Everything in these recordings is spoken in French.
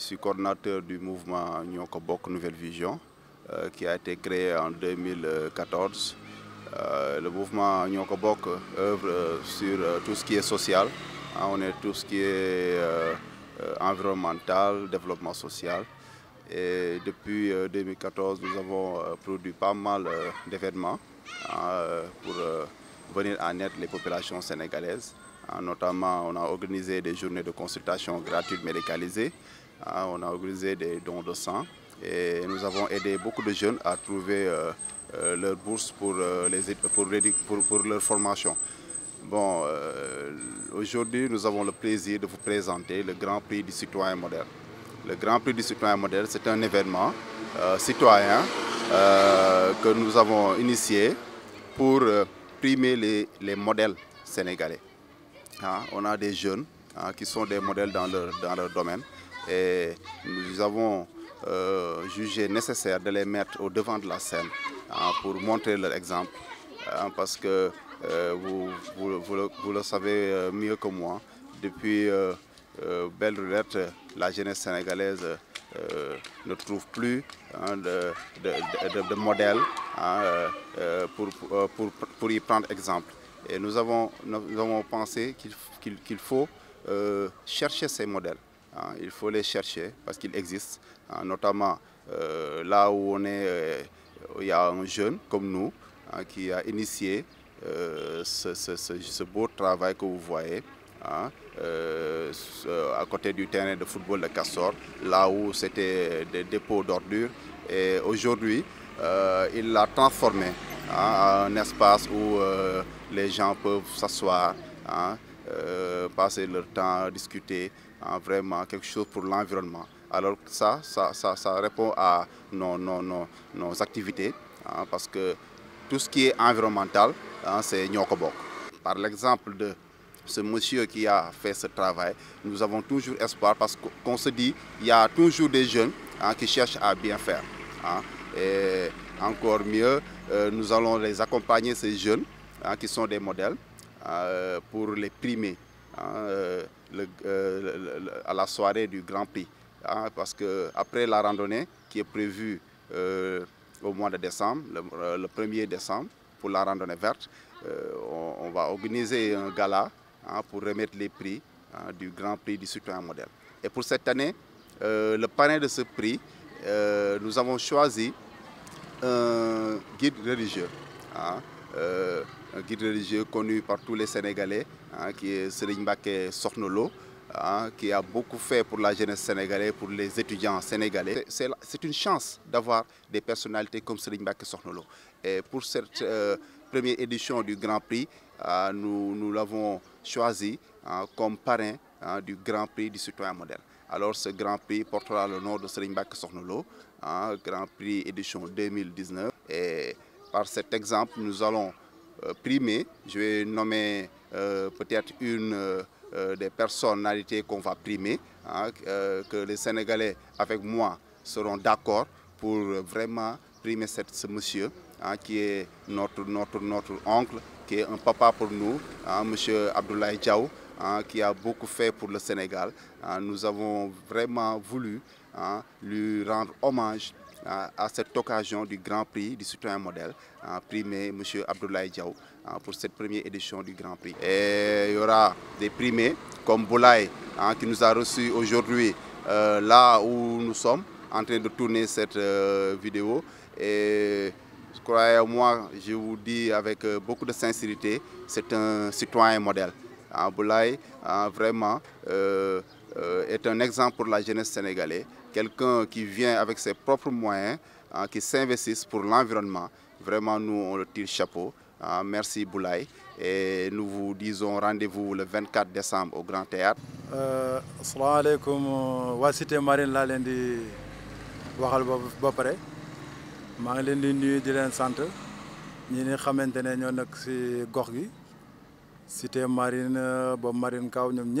je suis coordinateur du mouvement Nyonkobok Nouvelle Vision euh, qui a été créé en 2014. Euh, le mouvement Nyonkobok Bok œuvre euh, sur tout ce qui est social. Hein, on est tout ce qui est environnemental, développement social. Et depuis 2014, nous avons produit pas mal d'événements hein, pour venir en naître les populations sénégalaises. Hein, notamment, on a organisé des journées de consultation gratuites médicalisées. Ah, on a organisé des dons de sang et nous avons aidé beaucoup de jeunes à trouver euh, euh, leur bourse euh, pour, leur formation. Bon, aujourd'hui, nous avons le plaisir de vous présenter le Grand Prix du citoyen moderne. Le Grand Prix du citoyen moderne, c'est un événement citoyen que nous avons initié pour primer les, modèles sénégalais. Ah, on a des jeunes ah, qui sont des modèles dans leur domaine et nous avons euh, jugé nécessaire de les mettre au devant de la scène hein, pour montrer leur exemple hein, parce que euh, vous, le, savez euh, mieux que moi, depuis Belle Roulette, la jeunesse sénégalaise ne trouve plus hein, de, de, modèle pour, y prendre exemple. Et nous avons, pensé qu'il faut chercher ces modèles. Hein, il faut les chercher parce qu'ils existent, hein, notamment euh, là où on euh, il y a un jeune comme nous hein, qui a initié euh, ce, beau travail que vous voyez. à côté du terrain de football de Castor, là où c'était des dépôts d'ordures. Et aujourd'hui, il l'a transformé en un espace où les gens peuvent s'asseoir, passer leur temps à discuter, Hein, vraiment quelque chose pour l'environnement. Alors ça, ça, ça, répond à nos, nos, activités, hein, parce que tout ce qui est environnemental, hein, c'est Nyokobok. Par l'exemple de ce monsieur qui a fait ce travail, nous avons toujours espoir parce qu'on se dit il y a toujours des jeunes qui cherchent à bien faire. Et encore mieux, euh, nous allons les accompagner, ces jeunes qui sont des modèles, euh, pour les primer. Euh, euh, à la soirée du Grand Prix. Hein, parce que après la randonnée qui est prévue euh, au mois de décembre, le, 1er euh, décembre, pour la randonnée verte, on, va organiser un gala hein, pour remettre les prix hein, du Grand Prix du citoyen modèle. Et pour cette année, le parrain de ce prix, nous avons choisi un guide religieux. un guide religieux connu par tous les Sénégalais Hein, qui est Serigne Sornolo, hein, qui a beaucoup fait pour la jeunesse sénégalaise, pour les étudiants sénégalais. C'est une chance d'avoir des personnalités comme Serigne Sornolo. Et pour cette euh, première édition du Grand Prix, euh, nous, l'avons choisi hein, comme parrain du Grand Prix du citoyen moderne. Alors ce Grand Prix portera le nom de Serigne Mbake Sornolo, Grand Prix édition 2019. Et par cet exemple, nous allons euh, je vais nommer euh, peut-être une euh, des personnalités qu'on va primer, hein, que les Sénégalais avec moi seront d'accord pour vraiment primer cette, ce monsieur hein, qui est notre, notre, notre oncle, qui est un papa pour nous, hein, monsieur Abdoulaye Diaw, hein, qui a beaucoup fait pour le Sénégal. nous avons vraiment voulu lui rendre hommage à cette occasion du Grand Prix du citoyen modèle, primé M. Abdoulaye Diaw pour cette première édition du Grand Prix. Et il y aura des primés comme Boulaye hein, qui nous a reçus aujourd'hui euh, là où nous sommes en train de tourner cette euh, vidéo. Et croyez-moi, je vous dis avec euh, beaucoup de sincérité, c'est un citoyen modèle. Hein, Boulaye, hein, vraiment... Euh, est un exemple pour la jeunesse sénégalaise, quelqu'un qui vient avec ses propres moyens, hein, qui s'investisse pour l'environnement. Vraiment, nous, on le tire chapeau. Hein, merci Boulay. Et nous vous disons rendez-vous le 24 décembre au Grand Théâtre. Euh, euh, Cité Marine Cité Marine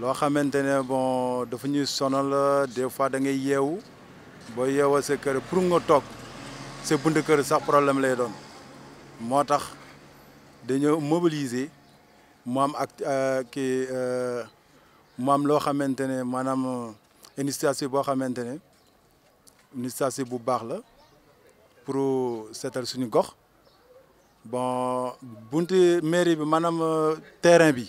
lo xamantene bon dafa ñuy sonal des fois da ngay yewu bo yeewoo sa kër pour nga tok sa bunt kër sax problème lay doon motax dañu mobiliser mu am ak euh, kii euh, mu am lo xamantene manam initiative boo xamante initiative bu baax la pour seetal suñu gox bon bunti mairie bi manam euh, terrain bi.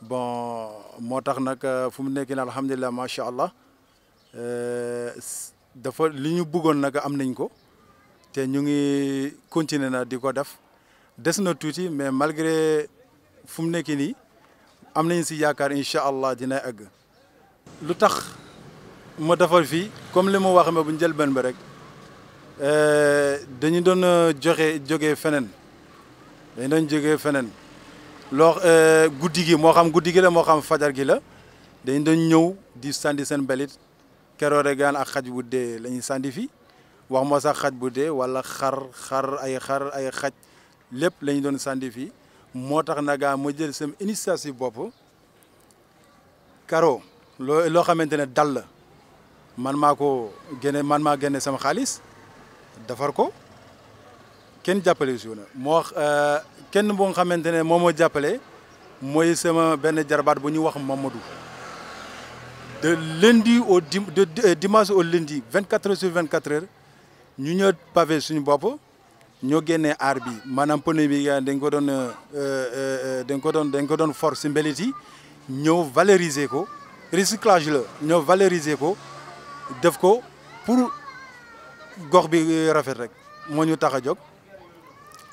bon moo tax nag euh, fu mu nekk nii alhamdulilah macha allah euh, dafa li ñu bëggoon nag am nañ ko te ñu ngi continuer na di ko def des na tuuti mais malgré fu mu nekk nii am nañ si yaakaar incha allah dina egg. lu tax ma defar fii comme li ma wax ma bu benn ba rek euh, dañu doon joxe jógee feneen dañu doon jógee feneen. loo guddi gi moo xam guddi gi la moo xam fajar gi la dañ doon ñëw di sandi seen mbalit keroo regaan ak xaj bu dee la ñuy sandi fi wax moo sax xaj bu dee wala xar xar ay xar ay xaj lépp la ñu doon sandi fi moo tax nagaa ma jël seen initiative bopp karo loo loo xamante ne dal la man maa ko génne man maa génne sama xaalis defar ko kenn euh, kenn ne moo sama benn jarbaat bu ñu wax Mamadou de lundi au de euh, dimanche au lundi 24 heures sur 24 heures nous avons pavé suñu bopp ñoo génnee aar bi maanaam bi ko ko force recyclage la ñëw valoriser pour gox bi euh, rafet rek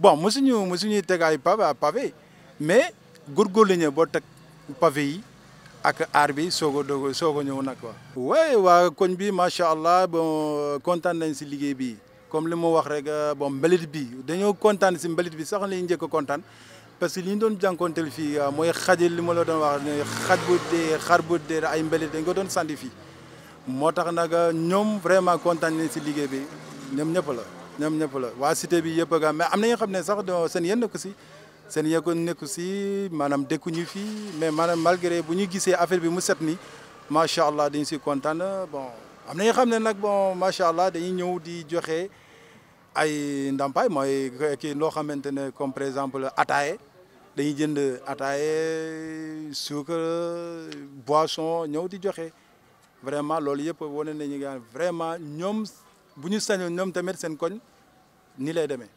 bon mosuñu mosuñuy tégaay ay pavé mais góorgóorlu bo boo pavé yi ak aar bi soog a doog soog a ñëw nag quoi. koñ bi macha allah bon kontaan nañ si liggéey bi comme li mu wax rek bon mbalit bi dañoo kontaan ci mbalit bi sax lañu jëk a parce que li ñu doon jankontel fi ah, moy xaj li ma la doon wax xaj bu dee xar bu dee ay mbalit dañ ko doon sànni fi motax nak nag ñoom vraiment kontaan nañ si liggéey bi ñoom ñëpp la ñoom ñëpp la wa cité bi yëpp ga mais am vu xamné sax do seen si seen si mais manam malgré bu ñu gisee affaire bi mu set ni sha allah dañu si kontaan bon am na xamné nak bon ma sha allah dañuy ñëw di joxé ay ndampay moy comme par exemple ataaye dañuy jënd ataaye sucre boisson ñëw di joxé vraiment loolu yëpp woné nañu vraiment ñom bu ñu sañoon ñoom tamit seen koñ nii lay demee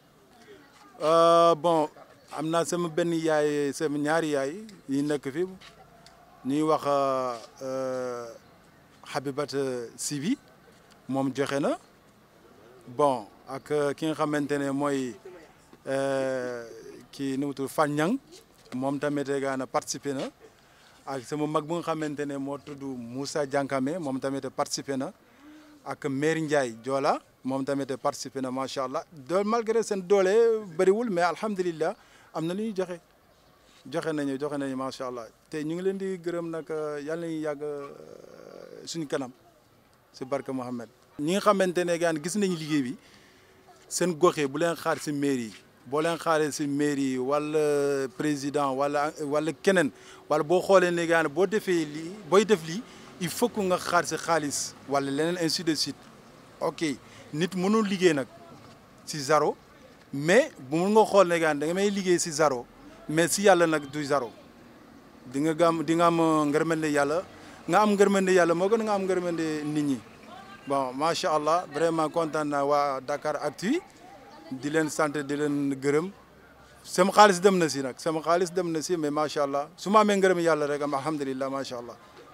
euh, bon amna sama ben yaay sama ñaari yaay ñi nekk fi ñi wax euh, euh, Habibat Si bi moom joxe na bon ak ki nga xamantene moy euh ki nu mu tudd Fan Ñang moom tamit gaana participé na ak sama mag bu nga xamantene mo moo Moussa Diankame mom tamit participer na ak maire Ndiaye Joola moom tamit participé na macha allah do malgré seen doole bëriwul mais alhamdulillah am na lu ñuy joxe joxe nañu joxe nañu macha allah te ñu ngi leen di gërëm nag euh, yàlla nañu yàgg euh, suñu kanam si barke Mohamed. ñi nga xamante ne gaan gis nañu liggéey bi seen gox yi bu leen xaar si maire yi boo leen xaaree si maire yi wala président wala wala keneen wala boo xoolee ne gaan boo defee lii booy def lii. il faut que nga xaar si xaalis wala leneen ainsi de suite ok nit mais bu nga ne si zéro mais si yàlla nag du zéro di nga gam di nga am euh, ngërmande yàlla nga am ngërmande yàlla moo gën nga am ngërmande nit ñi bon macha vraiment content naa Dakar acti di leen sant di leen gërëm sama xaalis dem na si sama dem na mais macha allah su ma amee rek am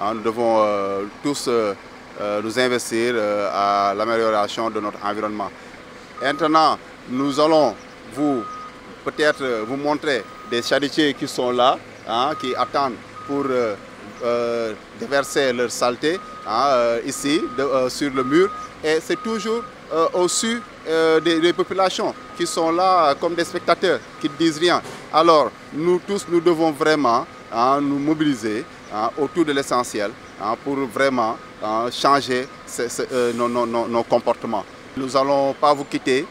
Hein, nous devons euh, tous euh, euh, nous investir à l'amélioration de notre environnement. Maintenant, nous allons vous peut-être vous montrer des charitiers qui sont là, hein, qui attendent pour déverser leur saleté hein, ici, sur le mur. Et c'est toujours au dessus des, populations qui sont là comme des spectateurs, qui ne disent rien. Alors, nous tous, nous devons vraiment nous mobiliser Hein, autour de l'essentiel hein, pour vraiment hein, changer euh, nos, comportements. Nous n'allons pas vous quitter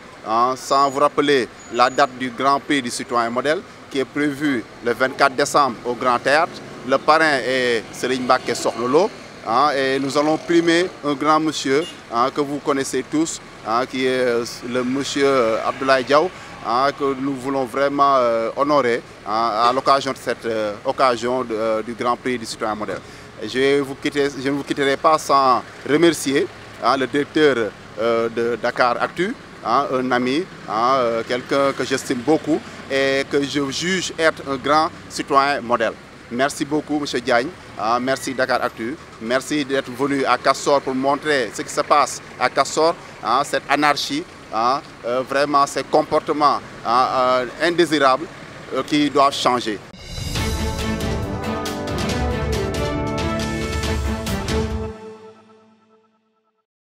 sans vous rappeler la date du Grand Prix du citoyen modèle qui est prévue le 24 décembre au Grand Théâtre. Le parrain est Selim et Sornolo. et nous allons primer un grand monsieur que vous connaissez tous, qui est le monsieur Abdoulaye Diaw, Hein, que nous voulons vraiment euh, honorer hein, à l'occasion de cette euh, occasion euh, du Grand Prix du citoyen modèle. Je, vous ne vous quitterai pas sans remercier hein, le directeur de Dakar Actu, un ami, quelqu'un que j'estime beaucoup et que je juge être un grand citoyen modèle. Merci beaucoup, M. Diagne. merci Dakar Actu. Merci d'être venu à Cassor pour montrer ce qui se passe à Cassor, cette anarchie Hein, euh, vraiment ces comportements hein, euh, indésirables euh, qui doivent changer.